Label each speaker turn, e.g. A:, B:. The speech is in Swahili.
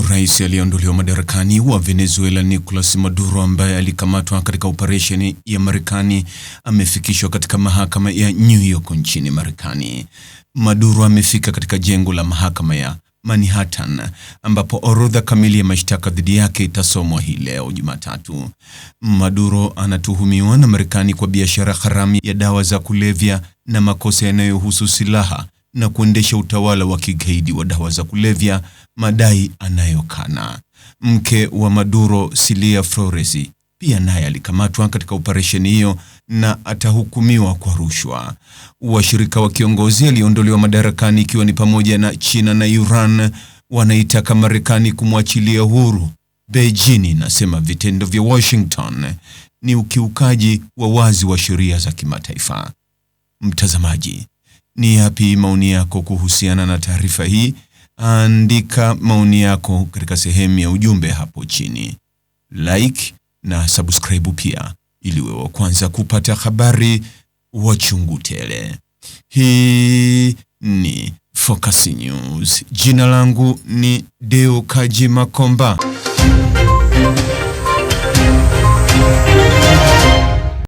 A: Rais aliyeondolewa madarakani wa Venezuela Nicolas Maduro ambaye alikamatwa katika operesheni ya Marekani amefikishwa katika mahakama ya New York nchini Marekani. Maduro amefika katika jengo la mahakama ya Manhattan ambapo orodha kamili ya mashtaka dhidi yake itasomwa hii leo Jumatatu. Maduro anatuhumiwa na Marekani kwa biashara haramu ya dawa za kulevya na makosa yanayohusu silaha na kuendesha utawala wa kigaidi wa dawa za kulevya madai anayokana. Mke wa Maduro Silia Flores pia naye alikamatwa katika operesheni hiyo na atahukumiwa kwa rushwa. Washirika wa kiongozi aliyeondolewa madarakani ikiwa ni pamoja na China na Iran wanaitaka Marekani kumwachilia huru. Beijing inasema vitendo vya Washington ni ukiukaji wa wazi wa sheria za kimataifa. Mtazamaji, ni yapi maoni yako kuhusiana na taarifa hii? andika maoni yako katika sehemu ya ujumbe hapo chini, like na subscribe pia, ili wewe kwanza kupata habari wa chungu tele. Hii ni Focus News. Jina langu ni Deo Kaji Makomba.